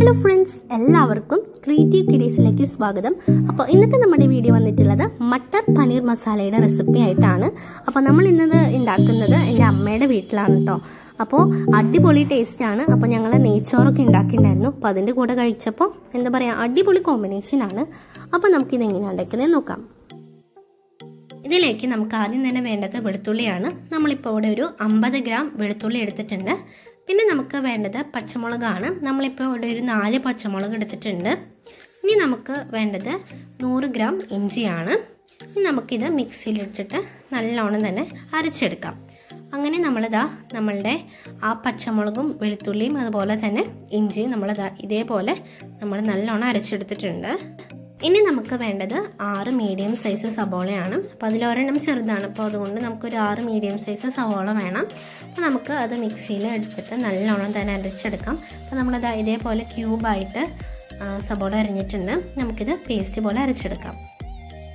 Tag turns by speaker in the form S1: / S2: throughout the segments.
S1: hello friends എല്ലാവർക്കും creative കിഡീസിലേക്ക് സ്വാഗതം അപ്പോൾ ഇന്നത്തെ നമ്മുടെ വീഡിയോ വന്നിട്ടുള്ളത് മട്ടർ പനീർ മസാലയുടെ റെസിപ്പി ആയിട്ടാണ് അപ്പോൾ നമ്മൾ ഇന്നത് ഉണ്ടാക്കുന്നത് എൻ്റെ അമ്മയുടെ വീട്ടിലാണ് കേട്ടോ അപ്പോൾ അടിപൊളി ടേസ്റ്റാണ് അപ്പോൾ ഞങ്ങൾ നെയ്ച്ചോറൊക്കെ ഉണ്ടാക്കിയിട്ടുണ്ടായിരുന്നു അപ്പോൾ അതിൻ്റെ കൂടെ കഴിച്ചപ്പോൾ എന്താ പറയുക അടിപൊളി കോമ്പിനേഷനാണ് അപ്പോൾ നമുക്കിത് എങ്ങനെയാണ് ഉണ്ടാക്കുന്നത് നോക്കാം ഇതിലേക്ക് നമുക്ക് ആദ്യം തന്നെ വേണ്ടത് വെളുത്തുള്ളിയാണ് നമ്മളിപ്പോൾ ഇവിടെ ഒരു അമ്പത് ഗ്രാം വെളുത്തുള്ളി എടുത്തിട്ടുണ്ട് പിന്നെ നമുക്ക് വേണ്ടത് പച്ചമുളകാണ് നമ്മളിപ്പോൾ ഇവിടെ ഒരു നാല് പച്ചമുളക് എടുത്തിട്ടുണ്ട് ഇനി നമുക്ക് വേണ്ടത് നൂറ് ഗ്രാം ഇഞ്ചിയാണ് ഇനി നമുക്കിത് മിക്സിയിലിട്ടിട്ട് നല്ലോണം തന്നെ അരച്ചെടുക്കാം അങ്ങനെ നമ്മളിതാ നമ്മളുടെ ആ പച്ചമുളകും വെളുത്തുള്ളിയും അതുപോലെ തന്നെ ഇഞ്ചിയും നമ്മളിതാ ഇതേപോലെ നമ്മൾ നല്ലോണം അരച്ചെടുത്തിട്ടുണ്ട് ഇനി നമുക്ക് വേണ്ടത് ആറ് മീഡിയം സൈസ് സബോളയാണ് അപ്പം അതിലൊരെണ്ണം ചെറുതാണ് അപ്പോൾ അതുകൊണ്ട് നമുക്കൊരു ആറ് മീഡിയം സൈസ് സവോള വേണം അപ്പോൾ നമുക്ക് അത് മിക്സിയിൽ എടുത്തിട്ട് നല്ലോണം തന്നെ അരച്ചെടുക്കാം അപ്പോൾ നമ്മളത് ഇതേപോലെ ക്യൂബായിട്ട് സബോള അരിഞ്ഞിട്ടുണ്ട് നമുക്കിത് പേസ്റ്റ് പോലെ അരച്ചെടുക്കാം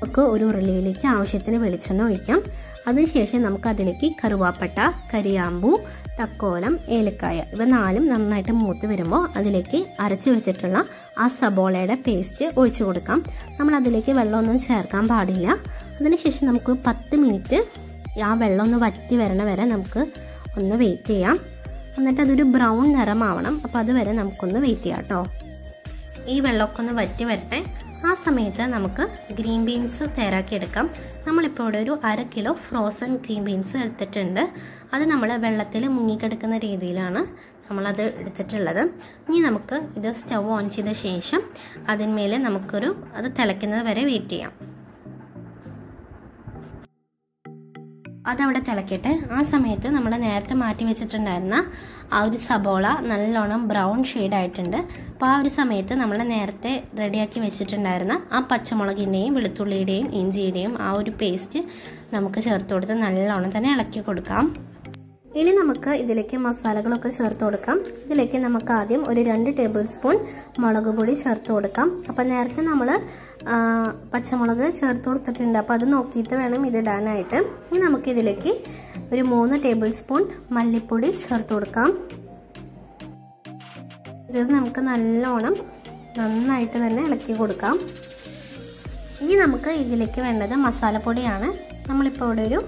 S1: നമുക്ക് ഒരു ഉരുളിയിലേക്ക് ആവശ്യത്തിന് വെളിച്ചെണ്ണ ഒഴിക്കാം അതിനുശേഷം നമുക്ക് അതിലേക്ക് കറുവാപ്പട്ട കരിയാമ്പു തക്കോലം ഏലക്കായ ഇവ നാലും നന്നായിട്ട് മൂത്ത് വരുമ്പോൾ അതിലേക്ക് അരച്ചു വെച്ചിട്ടുള്ള ആ സബോളയുടെ പേസ്റ്റ് ഒഴിച്ചു കൊടുക്കാം നമ്മൾ അതിലേക്ക് വെള്ളമൊന്നും ചേർക്കാൻ പാടില്ല അതിനുശേഷം നമുക്ക് പത്ത് മിനിറ്റ് ആ വെള്ളം ഒന്ന് വറ്റി വരണ വരെ നമുക്ക് ഒന്ന് വെയിറ്റ് ചെയ്യാം എന്നിട്ട് അതൊരു ബ്രൗൺ നിറമാവണം അപ്പോൾ അതുവരെ നമുക്കൊന്ന് വെയിറ്റ് ചെയ്യാം കേട്ടോ ഈ വെള്ളമൊക്കെ ഒന്ന് വറ്റി വരട്ടെ ആ സമയത്ത് നമുക്ക് ഗ്രീൻ ബീൻസ് തയ്യാറാക്കിയെടുക്കാം നമ്മളിപ്പോൾ ഇവിടെ ഒരു അര കിലോ ഫ്രോസൺ ഗ്രീൻ ബീൻസ് എടുത്തിട്ടുണ്ട് അത് നമ്മൾ വെള്ളത്തിൽ മുങ്ങിക്കെടുക്കുന്ന രീതിയിലാണ് നമ്മളത് എടുത്തിട്ടുള്ളത് ഇനി നമുക്ക് ഇത് സ്റ്റവ് ഓൺ ചെയ്ത ശേഷം അതിന്മേൽ നമുക്കൊരു അത് തിളയ്ക്കുന്നത് വരെ വെയിറ്റ് ചെയ്യാം അതവിടെ തിളക്കട്ടെ ആ സമയത്ത് നമ്മൾ നേരത്തെ മാറ്റി വെച്ചിട്ടുണ്ടായിരുന്ന ആ ഒരു സബോള നല്ലോണം ബ്രൗൺ ആയിട്ടുണ്ട് അപ്പോൾ ആ ഒരു സമയത്ത് നമ്മൾ നേരത്തെ റെഡിയാക്കി വെച്ചിട്ടുണ്ടായിരുന്ന ആ പച്ചമുളകിൻ്റെയും വെളുത്തുള്ളിയുടെയും ഇഞ്ചിയുടെയും ആ ഒരു പേസ്റ്റ് നമുക്ക് ചേർത്ത് കൊടുത്ത് നല്ലോണം തന്നെ ഇളക്കി കൊടുക്കാം ഇനി നമുക്ക് ഇതിലേക്ക് മസാലകളൊക്കെ ചേർത്ത് കൊടുക്കാം ഇതിലേക്ക് നമുക്ക് ആദ്യം ഒരു രണ്ട് ടേബിൾ സ്പൂൺ മുളക് പൊടി ചേർത്ത് കൊടുക്കാം അപ്പം നേരത്തെ നമ്മൾ പച്ചമുളക് ചേർത്ത് കൊടുത്തിട്ടുണ്ട് അപ്പോൾ അത് നോക്കിയിട്ട് വേണം ഇതിടാനായിട്ട് ഇനി നമുക്കിതിലേക്ക് ഒരു മൂന്ന് ടേബിൾ സ്പൂൺ മല്ലിപ്പൊടി ചേർത്ത് കൊടുക്കാം ഇത് നമുക്ക് നല്ലോണം നന്നായിട്ട് തന്നെ ഇളക്കി കൊടുക്കാം ഇനി നമുക്ക് ഇതിലേക്ക് വേണ്ടത് മസാലപ്പൊടിയാണ് നമ്മളിപ്പോൾ ഇവിടെ ഒരു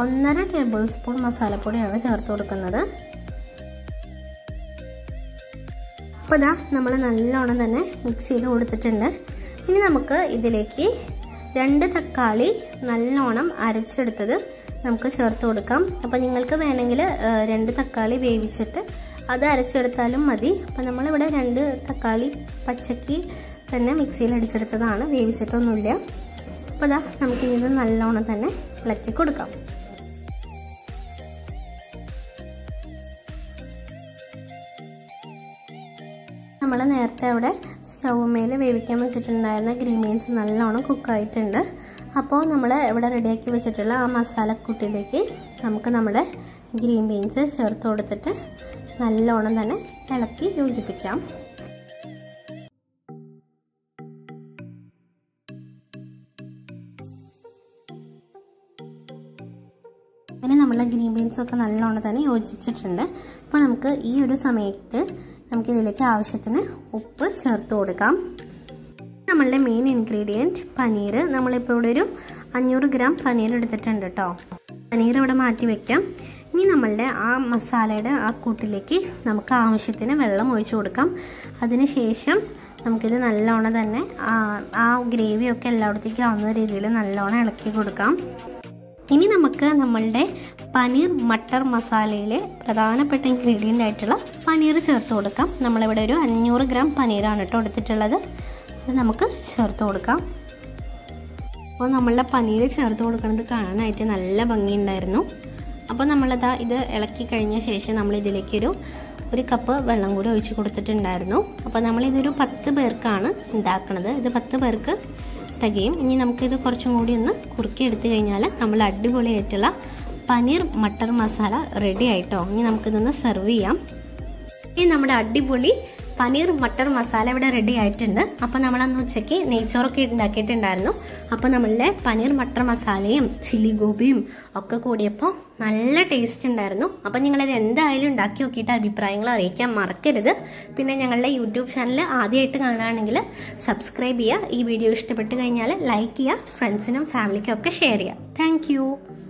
S1: ഒന്നര ടേബിൾ സ്പൂൺ മസാലപ്പൊടിയാണ് ചേർത്ത് കൊടുക്കുന്നത് അപ്പോൾ ഇതാ നമ്മൾ നല്ലോണം തന്നെ മിക്സ് ചെയ്ത് കൊടുത്തിട്ടുണ്ട് ഇനി നമുക്ക് ഇതിലേക്ക് രണ്ട് തക്കാളി നല്ലോണം അരച്ചെടുത്തത് നമുക്ക് ചേർത്ത് കൊടുക്കാം അപ്പോൾ നിങ്ങൾക്ക് വേണമെങ്കിൽ രണ്ട് തക്കാളി വേവിച്ചിട്ട് അത് അരച്ചെടുത്താലും മതി അപ്പോൾ നമ്മളിവിടെ രണ്ട് തക്കാളി പച്ചക്ക് തന്നെ മിക്സിയിൽ അടിച്ചെടുത്തതാണ് വേവിച്ചിട്ടൊന്നുമില്ല അപ്പോൾ അതാ നമുക്കിനി നല്ലോണം തന്നെ ഇളക്കി കൊടുക്കാം നമ്മൾ നേരത്തെ അവിടെ സ്റ്റൗമേൽ വേവിക്കാൻ വെച്ചിട്ടുണ്ടായിരുന്ന ഗ്രീൻ ബീൻസ് നല്ലോണം കുക്കായിട്ടുണ്ട് അപ്പോൾ നമ്മൾ ഇവിടെ റെഡിയാക്കി വെച്ചിട്ടുള്ള ആ മസാലക്കൂട്ടിലേക്ക് നമുക്ക് നമ്മുടെ ഗ്രീൻ ബീൻസ് ചേർത്ത് കൊടുത്തിട്ട് നല്ലോണം തന്നെ ഇളക്കി യോജിപ്പിക്കാം അങ്ങനെ നമ്മളെ ഗ്രീൻ ബീൻസ് ഒക്കെ നല്ലോണം തന്നെ യോജിച്ചിട്ടുണ്ട് അപ്പോൾ നമുക്ക് ഈ ഒരു സമയത്ത് നമുക്ക് ഇതിലേക്ക് ആവശ്യത്തിന് ഉപ്പ് ചേർത്ത് കൊടുക്കാം നമ്മളുടെ മെയിൻ ഇൻഗ്രീഡിയൻറ്റ് പനീർ നമ്മളിപ്പോൾ ഇവിടെ ഒരു അഞ്ഞൂറ് ഗ്രാം പനീർ എടുത്തിട്ടുണ്ട് കേട്ടോ പനീർ ഇവിടെ മാറ്റി വയ്ക്കാം ഇനി നമ്മളുടെ ആ മസാലയുടെ ആ കൂട്ടിലേക്ക് നമുക്ക് ആവശ്യത്തിന് വെള്ളം ഒഴിച്ചു കൊടുക്കാം അതിനുശേഷം നമുക്കിത് നല്ലോണം തന്നെ ആ ഗ്രേവിയൊക്കെ എല്ലായിടത്തേക്കും ആവുന്ന രീതിയിൽ നല്ലോണം ഇളക്കി കൊടുക്കാം ഇനി നമുക്ക് നമ്മളുടെ പനീർ മട്ടർ മസാലയിലെ പ്രധാനപ്പെട്ട ഇൻഗ്രീഡിയൻ്റ് ആയിട്ടുള്ള പനീർ ചേർത്ത് കൊടുക്കാം നമ്മളിവിടെ ഒരു അഞ്ഞൂറ് ഗ്രാം പനീറാണ് കേട്ടോ എടുത്തിട്ടുള്ളത് അത് നമുക്ക് ചേർത്ത് കൊടുക്കാം അപ്പോൾ നമ്മളുടെ പനീർ ചേർത്ത് കൊടുക്കുന്നത് കാണാനായിട്ട് നല്ല ഭംഗിയുണ്ടായിരുന്നു അപ്പോൾ നമ്മളിതാ ഇത് ഇളക്കി കഴിഞ്ഞ ശേഷം നമ്മളിതിലേക്കൊരു ഒരു കപ്പ് വെള്ളം കൂടി ഒഴിച്ച് കൊടുത്തിട്ടുണ്ടായിരുന്നു അപ്പോൾ നമ്മളിതൊരു പത്ത് പേർക്കാണ് ഉണ്ടാക്കുന്നത് ഇത് പത്ത് പേർക്ക് തികയും ഇനി നമുക്കിത് കുറച്ചും കൂടി ഒന്ന് കുറുക്കി എടുത്തു കഴിഞ്ഞാൽ നമ്മൾ അടിപൊളിയായിട്ടുള്ള പനീർ മട്ടർ മസാല റെഡി ആയിട്ടോ ഇനി നമുക്കിതൊന്ന് സെർവ് ചെയ്യാം ഇനി നമ്മുടെ അടിപൊളി പനീർ മട്ടർ മസാല ഇവിടെ റെഡി ആയിട്ടുണ്ട് അപ്പോൾ നമ്മളന്ന് ഉച്ചയ്ക്ക് നെയ്ച്ചോറൊക്കെ ഉണ്ടാക്കിയിട്ടുണ്ടായിരുന്നു അപ്പോൾ നമ്മളുടെ പനീർ മട്ടർ മസാലയും ചില്ലി ഗോപിയും ഒക്കെ കൂടിയപ്പോൾ നല്ല ടേസ്റ്റ് ഉണ്ടായിരുന്നു അപ്പോൾ നിങ്ങളിത് എന്തായാലും ഉണ്ടാക്കി നോക്കിയിട്ട് അഭിപ്രായങ്ങൾ അറിയിക്കാൻ മറക്കരുത് പിന്നെ ഞങ്ങളുടെ യൂട്യൂബ് ചാനൽ ആദ്യമായിട്ട് കാണുകയാണെങ്കിൽ സബ്സ്ക്രൈബ് ചെയ്യുക ഈ വീഡിയോ ഇഷ്ടപ്പെട്ട് കഴിഞ്ഞാൽ ലൈക്ക് ചെയ്യുക ഫ്രണ്ട്സിനും ഫാമിലിക്കും ഒക്കെ ഷെയർ ചെയ്യുക താങ്ക്